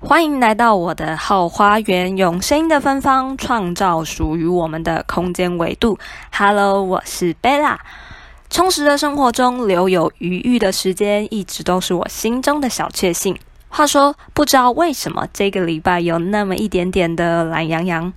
歡迎來到我的 Hoo 花園，用聲音的芬芳創造屬於我們的空間維度。Hello，我是 Bella。充實的生活中留有餘裕的時間，一直都是我心中的小確幸。話說，不知道為什麼這個禮拜有那麼一點點的懶洋洋。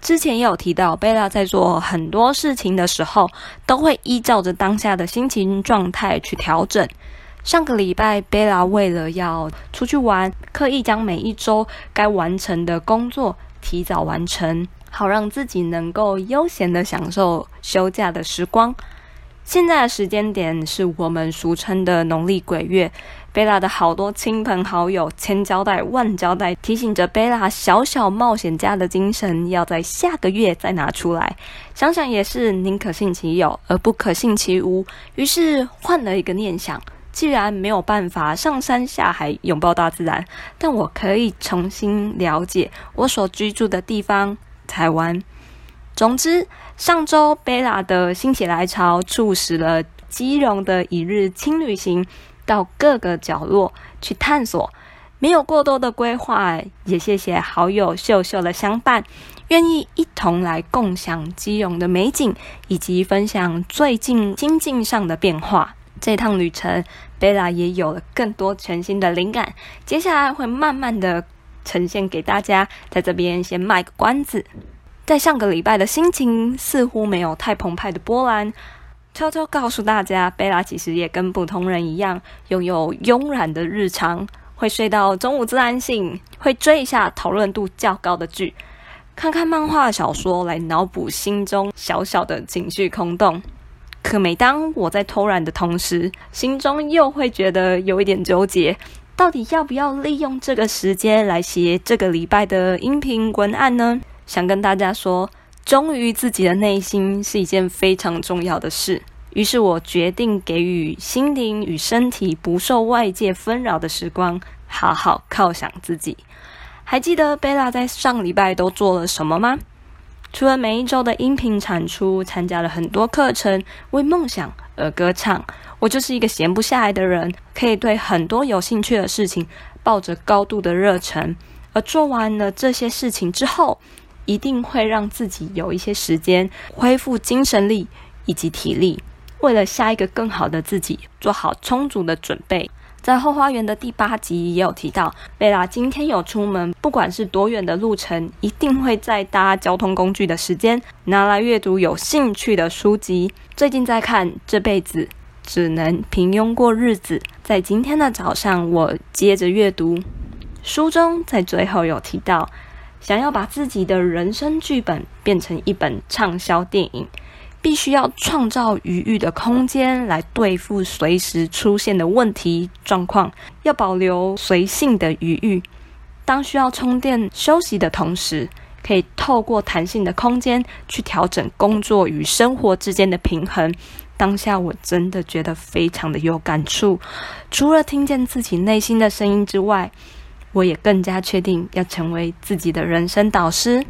之前也有提到，貝拉在做很多事情的時候，都會依照着當下的心情狀態去調整。上個禮拜，貝拉為了要出去玩，刻意將每一周該完成的工作提早完成，好讓自己能夠悠閒地享受休假的時光。現在的時間點是我們俗稱的農曆鬼月，貝拉的好多親朋好友千交代萬交代，提醒着貝拉小小冒險家的精神要在下個月再拿出來。想想也是，寧可信其有而不可信其無，於是換了一個念想。既然沒有辦法上山下海擁抱大自然，但我可以重新了解我所居住的地方——台灣。總之，上周貝拉的心血來潮，促使了基隆的一日輕旅行，到各個角落去探索。沒有過多的規劃，也謝謝好友秀秀的相伴，願意一同來共享基隆的美景，以及分享最近心境上的變化。這趟旅程，貝拉也有了更多全新的靈感。接下來會慢慢的呈現給大家，在這邊先賣個關子。在上個禮拜的心情似乎沒有太澎湃的波瀾，悄悄告訴大家，貝拉其實也跟普通人一樣，擁有慵懶的日常，會睡到中午自然醒，會追一下討論度較高的劇，看看漫畫小說來腦補心中小小的情緒空洞。可每當我在偷懶的同時，心中又會覺得有一點糾結，到底要不要利用這個時間來寫這個禮拜的音頻文案呢？想跟大家說，忠於自己的內心是一件非常重要的事。於是我決定給予心靈與身體不受外界紛擾的時光，好好犒賞自己。還記得貝拉在上禮拜都做了什麼嗎？除了每一周的音頻產出，參加了很多課程，為夢想而歌唱。我就是一個閒不下來的人，可以對很多有興趣的事情抱着高度的熱忱。而做完了這些事情之後，一定會讓自己有一些時間恢復精神力以及體力，為了下一個更好的自己做好充足的準備。在 Hoo 花園的第八集也有提到，貝拉今天有出門，不管是多遠的路程，一定會在搭交通工具的時間拿來閱讀有興趣的書籍。最近在看《這輩子只能平庸過日子》，在今天的早上我接着閱讀。書中在最後有提到，想要把自己的人生劇本變成一本暢銷電影。必須要創造餘裕的空間來對付隨時出現的問題狀況，要保留隨性的餘裕。當需要充電休息的同時，可以透過彈性的空間去調整工作與生活之間的平衡。當下我真的覺得非常的有感觸。除了聽見自己內心的聲音之外，我也更加確定要成為自己的人生導師。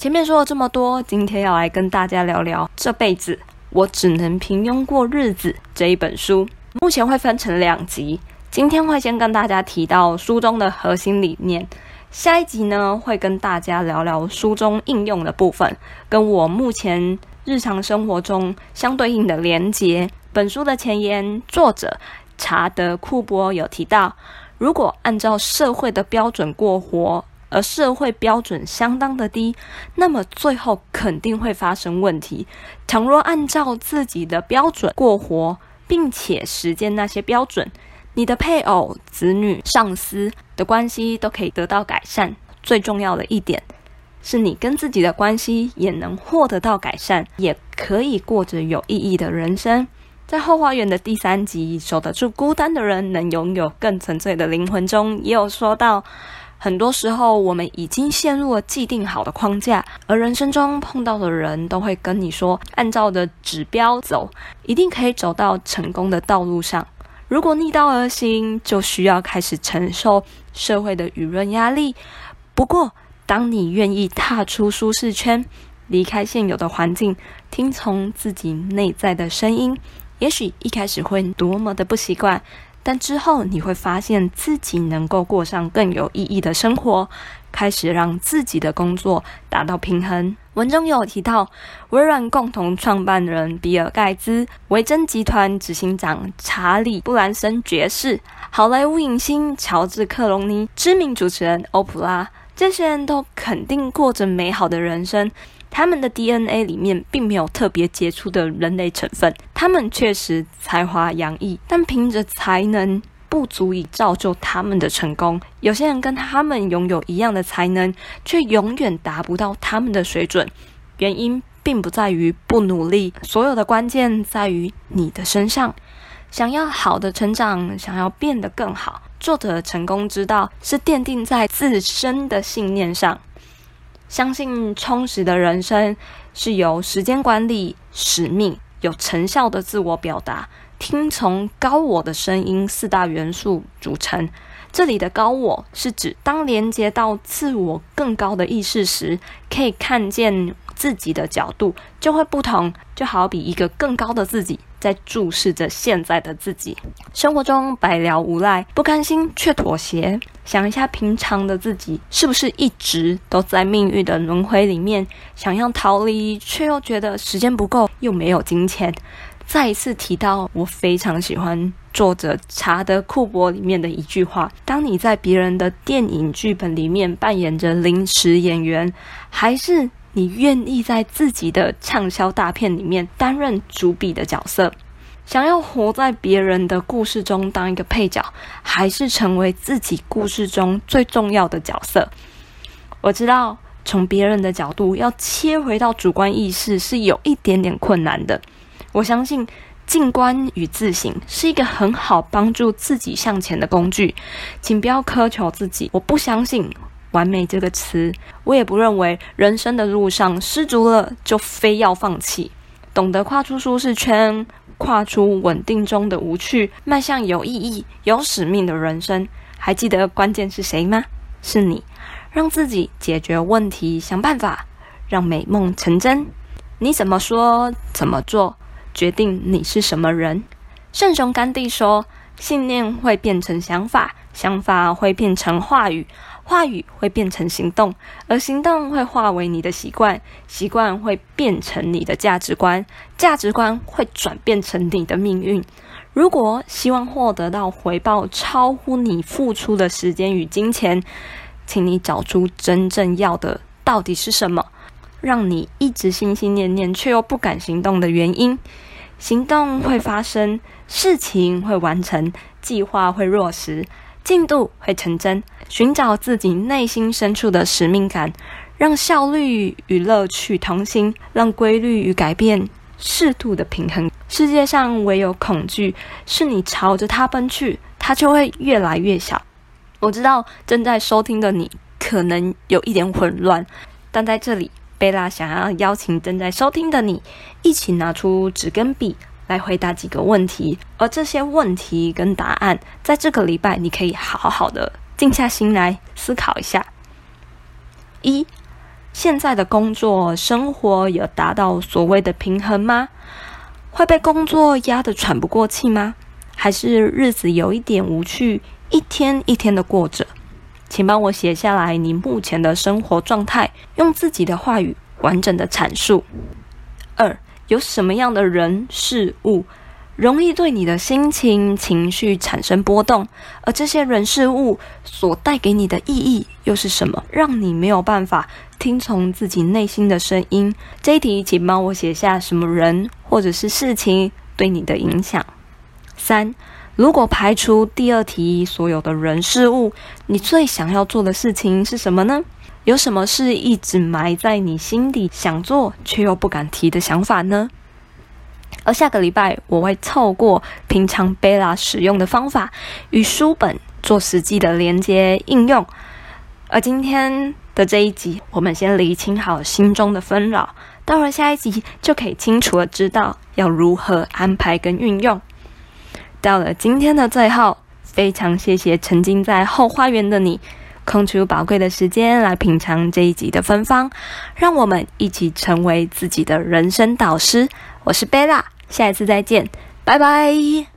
前面說了這麼多，今天要來跟大家聊聊《這輩子我只能平庸過日子》這一本書。目前會分成兩集，今天會先跟大家提到書中的核心理念，下一集呢會跟大家聊聊書中應用的部分，跟我目前日常生活中相對應的連結。本書的前言作者查德·庫波有提到，如果按照社會的標準過活。而社會標準相當的低，那麼最後肯定會發生問題。倘若按照自己的標準過活，並且實踐那些標準，你的配偶、子女、上司的關係都可以得到改善。最重要的一點，是你跟自己的關係也能獲得到改善，也可以過着有意義的人生。在《Hoo 花園》的第三集《守得住孤單的人能擁有更純粹的靈魂》中，也有說到。很多時候，我們已經陷入了既定好的框架，而人生中碰到的人都會跟你說，按照的指標走，一定可以走到成功的道路上。如果逆道而行，就需要開始承受社會的輿論壓力。不過，當你願意踏出舒適圈，離開現有的環境，聽從自己內在的聲音，也許一開始會多麼的不習慣。但之後，你會發現自己能夠過上更有意義的生活，開始讓自己的工作達到平衡。文中有提到，微軟共同創辦人比爾·蓋茨、維珍集團執行長查理·布蘭森爵士、好萊塢影星喬治·克隆尼、知名主持人歐普拉，這些人都肯定過着美好的人生。他們的 DNA 裡面並沒有特別傑出的人類成分，他們確實才華洋溢，但憑着才能不足以造就他們的成功。有些人跟他們擁有一樣的才能，卻永遠達不到他們的水準。原因並不在於不努力，所有的關鍵在於你的身上。想要好的成長，想要變得更好，作者的成功之道是奠定在自身的信念上。相信充實的人生是由時間管理、使命、有成效的自我表達、聽從高我的聲音四大元素組成。這裡的高我是指當連接到自我更高的意識時，可以看見。自己的角度就會不同，就好比一個更高的自己在注視着現在的自己。生活中百無聊賴，不甘心卻妥協。想一下平常的自己，是不是一直都在命運的輪回裡面？想要逃離，卻又覺得時間不夠，又沒有金錢。再一次提到我非常喜歡作者查德·庫伯裡面的一句話：“當你在別人的電影劇本裡面扮演着臨時演員，還是？”你願意在自己的暢銷大片裡面擔任主筆的角色，想要活在別人的故事中當一個配角，還是成為自己故事中最重要的角色？我知道從別人的角度要切回到主觀意識是有一點點困難的。我相信靜觀與自省是一個很好幫助自己向前的工具，請不要苛求自己。我不相信。完美這個詞，我也不認為。人生的路上失足了，就非要放棄。懂得跨出舒適圈，跨出穩定中的無趣，邁向有意義、有使命的人生。還記得關鍵是誰嗎？是你。讓自己解決問題，想辦法，讓美夢成真。你怎麼說，怎麼做，決定你是什麼人。聖雄甘地說：“信念會變成想法，想法會變成話語。”話語會變成行動，而行動會化為你的習慣，習慣會變成你的價值觀，價值觀會轉變成你的命運。如果希望獲得到回報超乎你付出的時間與金錢，請你找出真正要的到底是什麼，讓你一直心心念念卻又不敢行動的原因。行動會發生，事情會完成，計劃會落實。進度會成真，尋找自己內心深處的使命感，讓效率與樂趣同心，讓規律與改變適度的平衡。世界上唯有恐懼，是你朝着它奔去，它就會越來越小。我知道正在收聽的你可能有一點混亂，但在這裡，貝拉想要邀請正在收聽的你一起拿出紙跟筆。來回答幾個問題，而這些問題跟答案，在這個禮拜你可以好好的靜下心來思考一下。一，現在的工作生活有達到所謂的平衡嗎？會被工作壓得喘不過氣嗎？還是日子有一點無趣，一天一天的過着？請幫我寫下來你目前的生活狀態，用自己的話語完整的闡述。二。有什麼樣的人事物，容易對你的心情、情緒產生波動？而這些人事物所帶給你的意義又是什麼？讓你沒有辦法聽從自己內心的聲音。這一題，請幫我寫下什麼人或者是事情對你的影響。三，如果排除第二題所有的人事物，你最想要做的事情是什麼呢？有什麼事一直埋在你心底想做卻又不敢提的想法呢？而下個禮拜我會透過平常貝拉使用的方法，與書本做實際的連接應用。而今天的這一集，我們先釐清好心中的紛擾，到了下一集就可以清楚的知道要如何安排跟運用。到了今天的最後，非常謝謝沉浸在後花園的你。空出寶貴的時間來品嘗這一集的芬芳，讓我們一起成為自己的人生導師。我是 Bella，下一次再見，拜拜。